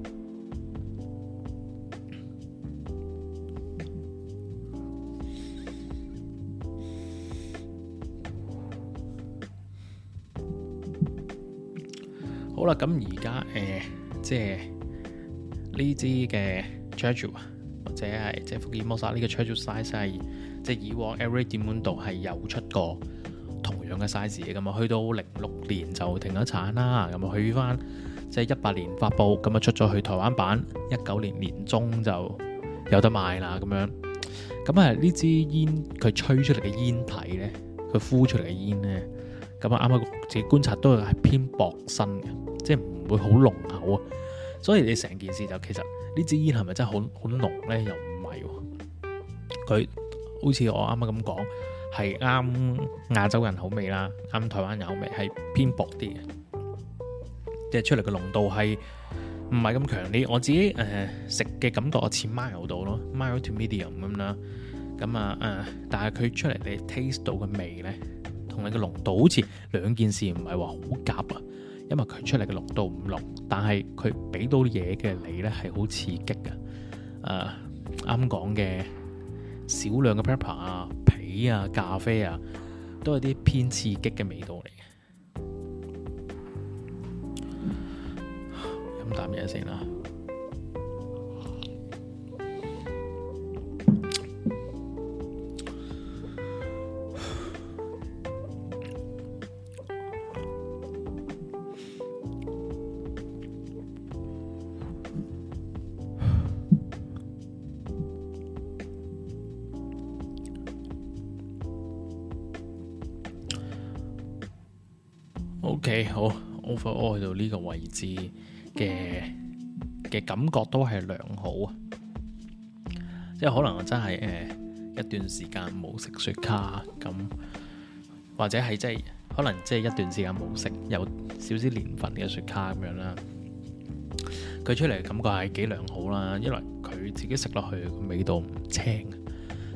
好啦，咁而家誒，即係呢支嘅 Charger 或者係即係福爾摩沙呢個 Charger size，係即係以往 Every 煙管度係有出過同樣嘅 size 嘅咁啊。去到零六年就停咗產啦，咁啊去翻即係一八年發布咁啊出咗去台灣版，一九年年中就有得賣啦。咁樣，咁啊呢支煙佢吹出嚟嘅煙體咧，佢呼出嚟嘅煙咧，咁啊啱啱自己觀察都係偏薄身嘅。即係唔會好濃厚啊，所以你成件事就其實呢支煙係咪真係好好濃咧？又唔係、啊，佢好似我啱啱咁講，係啱亞洲人口味啦，啱台灣人口味，係偏薄啲嘅，即係出嚟嘅濃度係唔係咁強啲。我自己誒食嘅感覺我似 mild 度咯，mild to medium 咁啦，咁啊啊，呃、但係佢出嚟你 taste 到嘅味咧，同你嘅濃度好似兩件事，唔係話好夾啊。因為佢出嚟嘅濃度唔濃，但係佢俾到嘢嘅你咧係好刺激嘅。誒、呃，啱講嘅少量嘅 pepper 啊、皮啊、咖啡啊，都係啲偏刺激嘅味道嚟。飲啖嘢先啦。去到呢個位置嘅嘅感覺都係良好啊！即係可能我真係誒、呃、一段時間冇食雪茄咁，或者係即係可能即係一段時間冇食有少少年份嘅雪茄咁樣啦。佢出嚟感覺係幾良好啦，一來佢自己食落去嘅味道唔青，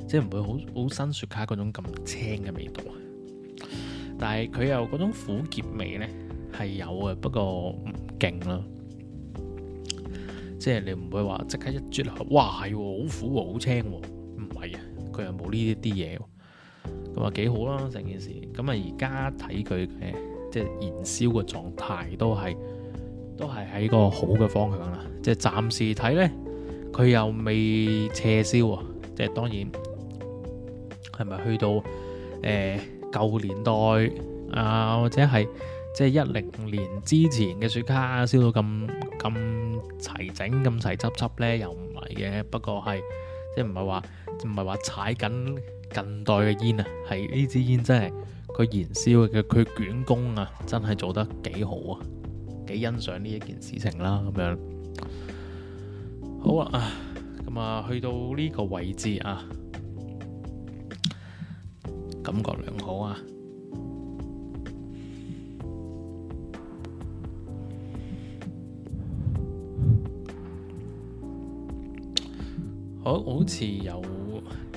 即係唔會好好新雪茄嗰種咁青嘅味道。但係佢有嗰種苦澀味呢。係有嘅，不過唔勁啦，即係你唔會話即刻一啜落去啊，哇，係，好苦，好青，唔係啊，佢又冇呢啲嘢，咁啊幾好啦成件事。咁啊而家睇佢誒，即係燃燒嘅狀態都係都係喺個好嘅方向啦。好即係暫時睇咧，佢又未斜燒啊！即係當然係咪去到誒舊、呃、年代啊，或者係？即係一零年之前嘅雪茄燒到咁咁齊整咁齊執執咧，又唔係嘅。不過係即係唔係話唔係話踩緊近代嘅煙啊，係呢支煙真係佢燃燒嘅佢捲工啊，真係做得幾好啊，幾欣賞呢一件事情啦咁樣。好啊，咁啊去到呢個位置啊，感覺良好啊。好好似有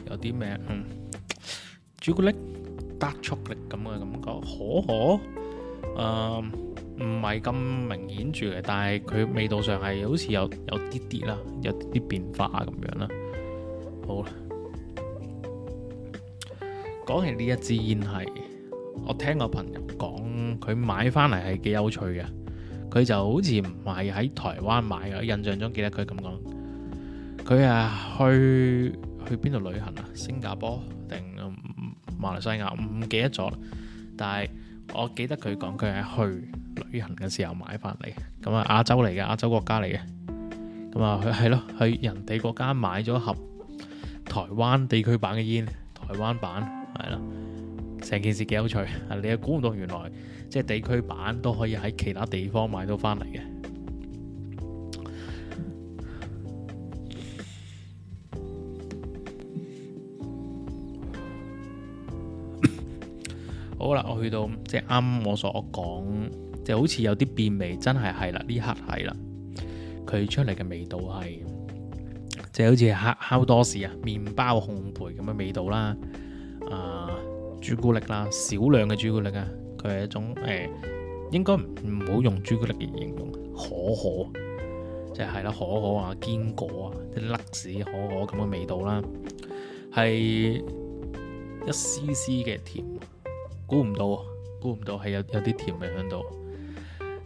有啲咩嗯，朱古力、dark chocolate 咁嘅感覺，可可，誒唔係咁明顯住嘅，但係佢味道上係好似有有啲啲啦，有啲變化咁樣啦。好啦，講起呢一支煙係，我聽個朋友講，佢買翻嚟係幾有趣嘅，佢就好似唔係喺台灣買嘅，印象中記得佢咁講。佢啊去去邊度旅行啊？新加坡定馬來西亞？唔記得咗。但係我記得佢講，佢係去旅行嘅時候買翻嚟。咁啊亞洲嚟嘅亞洲國家嚟嘅。咁啊佢係咯，去人哋國家買咗盒台灣地區版嘅煙，台灣版係啦。成件事幾有趣啊！你又估唔到原來即係地區版都可以喺其他地方買到翻嚟嘅。好啦，我去到即係啱我所講，就好似有啲變味，真係係啦，呢刻係啦，佢出嚟嘅味道係即係好似烤烤多士啊、麪包烘焙咁嘅味道啦，啊朱古力啦，少量嘅朱古力啊，佢係一種誒、哎，應該唔好用朱古力嚟形容，可可即係啦，可可啊堅果啊，啲粒子可可咁嘅味道啦，係一絲絲嘅甜。估唔到，估唔到係有有啲甜味喺度。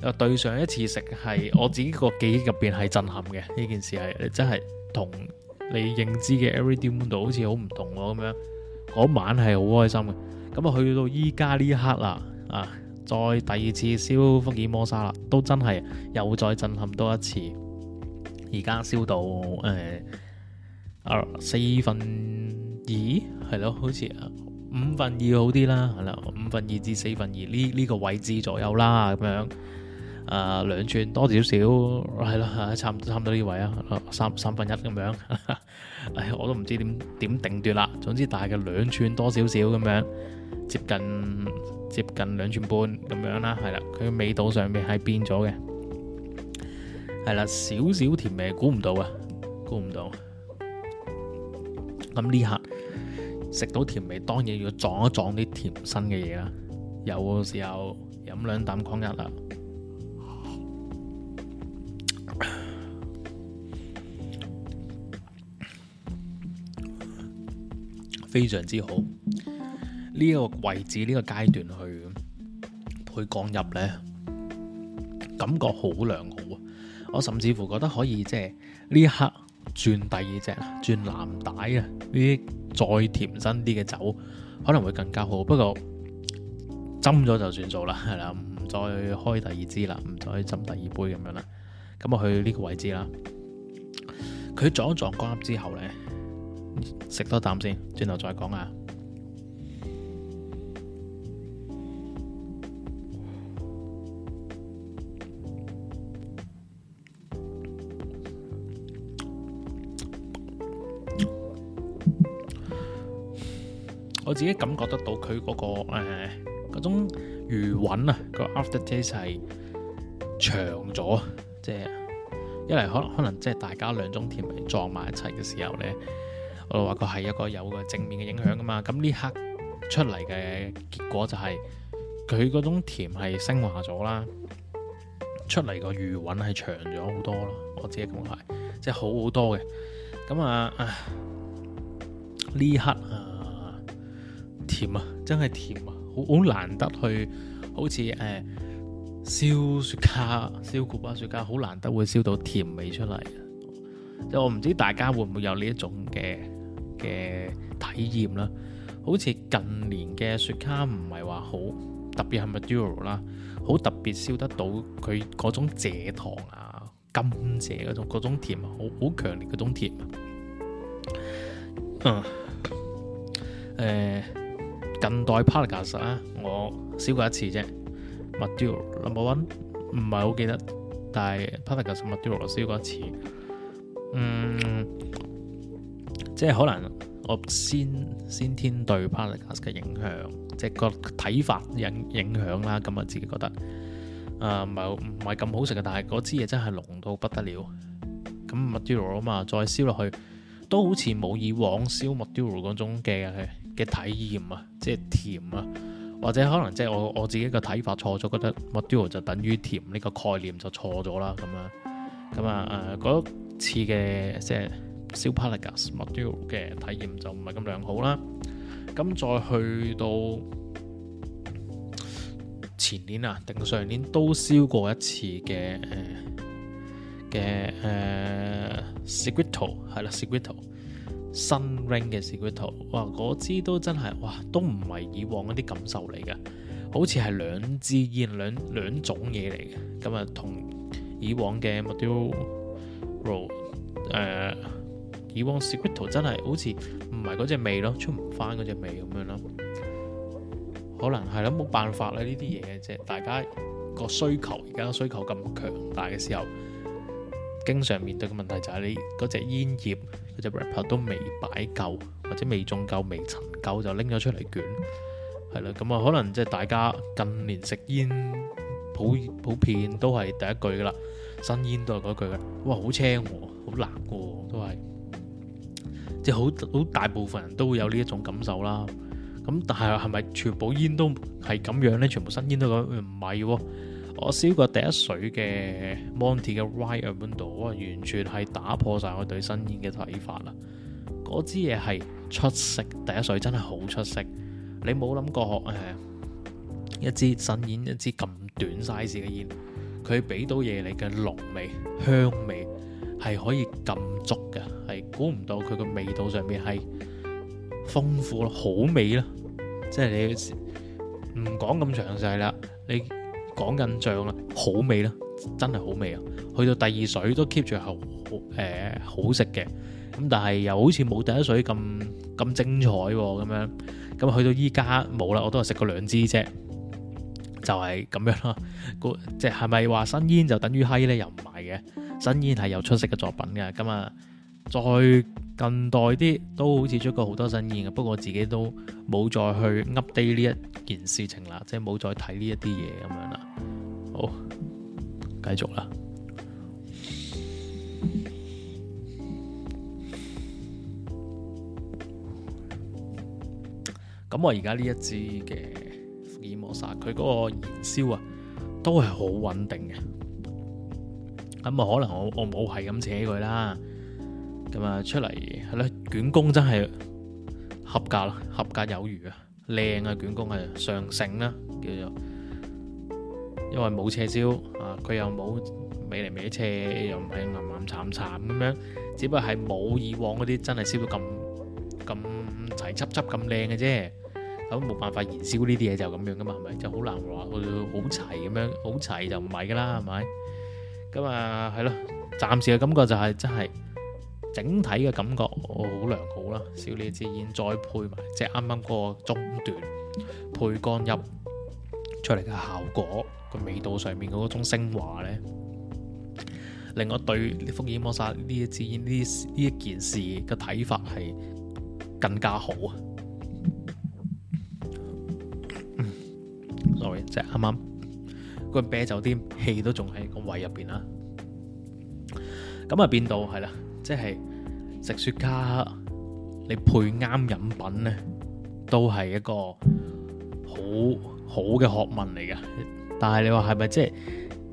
又對上一次食係我自己個記憶入邊係震撼嘅呢件事係真係同你認知嘅 Everyday Mundo 好似好唔同咁樣。嗰晚係好開心嘅，咁啊去到依家呢一刻啦啊，再第二次燒福爾摩沙啦，都真係又再震撼多一次。而家燒到誒啊、呃、四分二係咯，好似啊。五分二好啲啦，係啦，五分二至四分二呢呢、這個位置左右啦，咁樣，誒、啊、兩寸多少少，係啦，差唔差唔多呢位啊，三三分一咁樣呵呵，唉，我都唔知點點定奪啦。總之大嘅兩寸多少少咁樣，接近接近兩寸半咁樣啦，係啦，佢味道上面係變咗嘅，係啦，少少甜味，估唔到啊，估唔到。咁呢刻。食到甜味，當然要撞一撞啲甜新嘅嘢啦。有時候飲兩啖干邑啦，非常之好。呢個位置呢個階段去配干邑呢，感覺好良好啊！我甚至乎覺得可以即係呢一刻。轉第二隻，轉藍帶啊！呢啲再甜身啲嘅酒可能會更加好。不過斟咗就算數啦，係啦，唔再開第二支啦，唔再斟第二杯咁樣啦。咁我去呢個位置啦。佢撞一撞關之後呢，食多啖先，轉頭再講啊。我自己感覺得到佢嗰、那個誒嗰、呃、種餘韻啊，個 after taste 係長咗，即係一嚟可可能即係大家兩種甜味撞埋一齊嘅時候咧，我就話佢係一個有個正面嘅影響噶嘛。咁呢刻出嚟嘅結果就係佢嗰種甜係升華咗啦，出嚟個餘韻係長咗好多咯。我自己感覺係，即係好好多嘅。咁啊，呢、啊、刻啊～甜啊，真係甜啊，好好難得去，好似誒燒雪茄、燒古巴雪茄，好難得會燒到甜味出嚟。即我唔知大家會唔會有呢一種嘅嘅體驗啦。好似近年嘅雪茄唔係話好特別，係 Maduro 啦，好特別燒得到佢嗰種蔗糖啊、甘蔗嗰種嗰種甜啊，好好強烈嘅種甜。嗯，誒、欸。近代 partagas 啊，我燒過一次啫，maduro number one 唔係好記得，但係 partagas maduro 我燒過一次，嗯，即係可能我先先天對 partagas 嘅影響，即係個睇法影影響啦，咁啊自己覺得，啊唔係唔係咁好食嘅，但係嗰支嘢真係濃到不得了，咁 maduro 啊嘛，再燒落去都好似冇以往燒 maduro 嗰種嘅。嘅體驗啊，即係甜啊，或者可能即係我我自己嘅睇法錯咗，覺得 module 就等於甜呢、這個概念就錯咗啦，咁樣咁啊誒嗰次嘅即係小 Partagas module 嘅體驗就唔係咁良好啦，咁再去到前年啊定上年都燒過一次嘅嘅誒 secretor 係啦 secretor 新 Ring 嘅 Secreto 哇！嗰支都真係，哇！都唔係以往嗰啲感受嚟嘅，好似係兩支煙兩兩種嘢嚟嘅。咁啊，同以往嘅 Model Road、呃誒，以往 Secreto 真係好似唔係嗰隻味咯，出唔翻嗰隻味咁樣咯。可能係咯，冇辦法啦，呢啲嘢嘅，啫。大家個需求而家個需求咁強大嘅時候，經常面對嘅問題就係你嗰隻煙葉。嗰隻 rapper 都未擺夠，或者未中夠，未曾夠就拎咗出嚟捲，係啦。咁啊，可能即係大家近年食煙普普遍都係第一句噶啦，新煙都係嗰句噶。哇，好青，好辣嘅，都係即係好好大部分人都會有呢一種感受啦。咁但係係咪全部煙都係咁樣咧？全部新煙都咁？唔係喎。我燒過第一水嘅 Monty 嘅 Wire Window 完全係打破晒我對新煙嘅睇法啦！嗰支嘢係出色，第一水真係好出色。你冇諗過誒一支新煙，一支咁短 size 嘅煙，佢俾到嘢你嘅濃味、香味係可以咁足嘅，係估唔到佢嘅味道上面係豐富咯，好味啦。即係你唔講咁詳細啦，你。講緊醬啦，好味啦，真係好味啊！去到第二水都 keep 住係好、呃、好食嘅，咁但係又好似冇第一水咁咁精彩喎，咁樣咁去到依家冇啦，我都係食過兩支啫，就係、是、咁樣啦。即係咪話新煙就等於閪呢？又唔係嘅，新煙係有出色嘅作品嘅咁啊！再近代啲都好似出過好多新意嘅，不過我自己都冇再去 update 呢一件事情啦，即係冇再睇呢一啲嘢咁樣啦。好，繼續啦。咁我而家呢一支嘅福爾摩薩，佢嗰個燃燒啊，都係好穩定嘅。咁啊，可能我我冇係咁扯佢啦。咁啊，出嚟係咯，捲工真係合格啦，合格有餘啊，靚啊，捲工係上乘啦，叫做因為冇斜燒啊，佢又冇歪嚟歪斜，又唔係冧冧慘慘咁樣，只不過係冇以往嗰啲真係燒到咁咁齊輯輯咁靚嘅啫。咁冇辦法燃燒呢啲嘢就係咁樣噶嘛，係咪就好難話佢好齊咁樣好齊就唔係噶啦，係咪咁啊？係咯，暫時嘅感覺就係真係。整體嘅感覺好良好啦。少呢支煙，再配埋即係啱啱嗰個中段配干邑出嚟嘅效果，個味道上面嗰種升華咧，令我對福爾摩沙呢一支煙呢呢一件事嘅睇法係更加好啊。Sorry，即係啱啱個啤酒啲氣都仲喺個胃入邊啊。咁啊，變到係啦。即係食雪茄，你配啱飲品咧，都係一個很好好嘅學問嚟噶。但係你話係咪即係誒、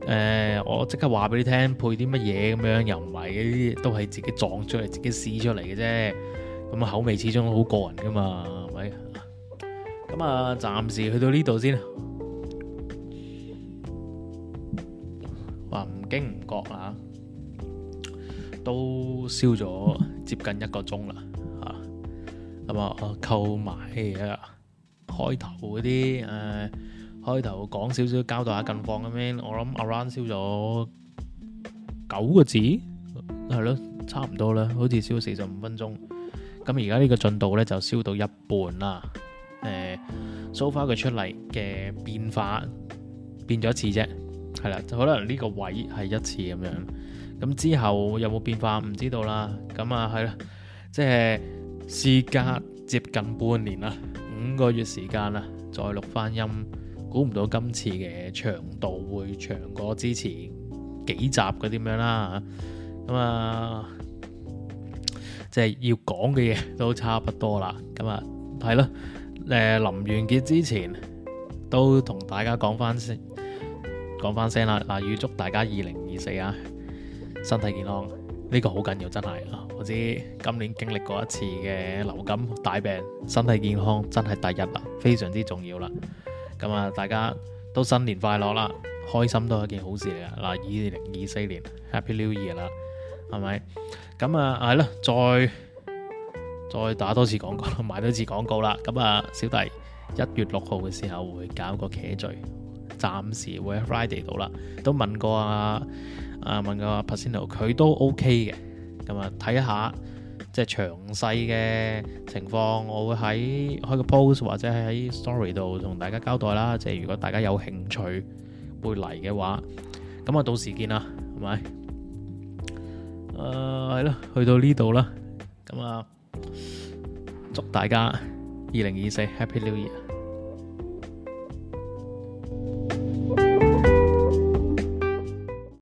呃？我即刻話俾你聽，配啲乜嘢咁樣又唔係呢啲都係自己撞出嚟，自己試出嚟嘅啫。咁啊，口味始終好個人噶嘛，係咪？咁啊，暫時去到呢度先。話唔經唔覺啊！都燒咗接近一個鐘啦。吓，咁啊購買啊，開頭嗰啲誒，開頭講少少交代下近況咁樣，我諗 around 燒咗九個字係咯，差唔多啦，好似燒四十五分鐘，咁而家呢個進度咧就燒到一半啦，誒 so far 佢出嚟嘅變化變咗一次啫，係啦，就可能呢個位係一次咁樣。咁之後有冇變化唔知道啦。咁啊，係啦，即係事隔接近半年啦，五個月時間啦，再錄翻音，估唔到今次嘅長度會長過之前幾集嗰啲咁樣啦。咁啊，即係要講嘅嘢都差不多啦。咁啊，係咯，誒臨完結之前都同大家講翻先。講翻聲啦。嗱，預祝大家二零二四啊！身體健康呢個好緊要，真係我知今年經歷過一次嘅流感大病，身體健康真係第一啦，非常之重要啦。咁啊，大家都新年快樂啦，開心都係一件好事嚟噶。嗱，二零二四年 Happy New Year 啦，係咪？咁啊，係咯，再再打多次廣告，賣多次廣告啦。咁啊，小弟一月六號嘅時候會搞個茄聚，暫時會 Friday 到啦。都問過啊。啊！問過佢話 personal，佢都 OK 嘅。咁啊，睇下即係、就是、詳細嘅情況我會喺開個 post 或者係喺 story 度同大家交代啦。即、就、係、是、如果大家有興趣會嚟嘅話，咁啊，到時見啦，係咪？誒係咯，去到呢度啦，咁啊，祝大家二零二四 Happy New Year！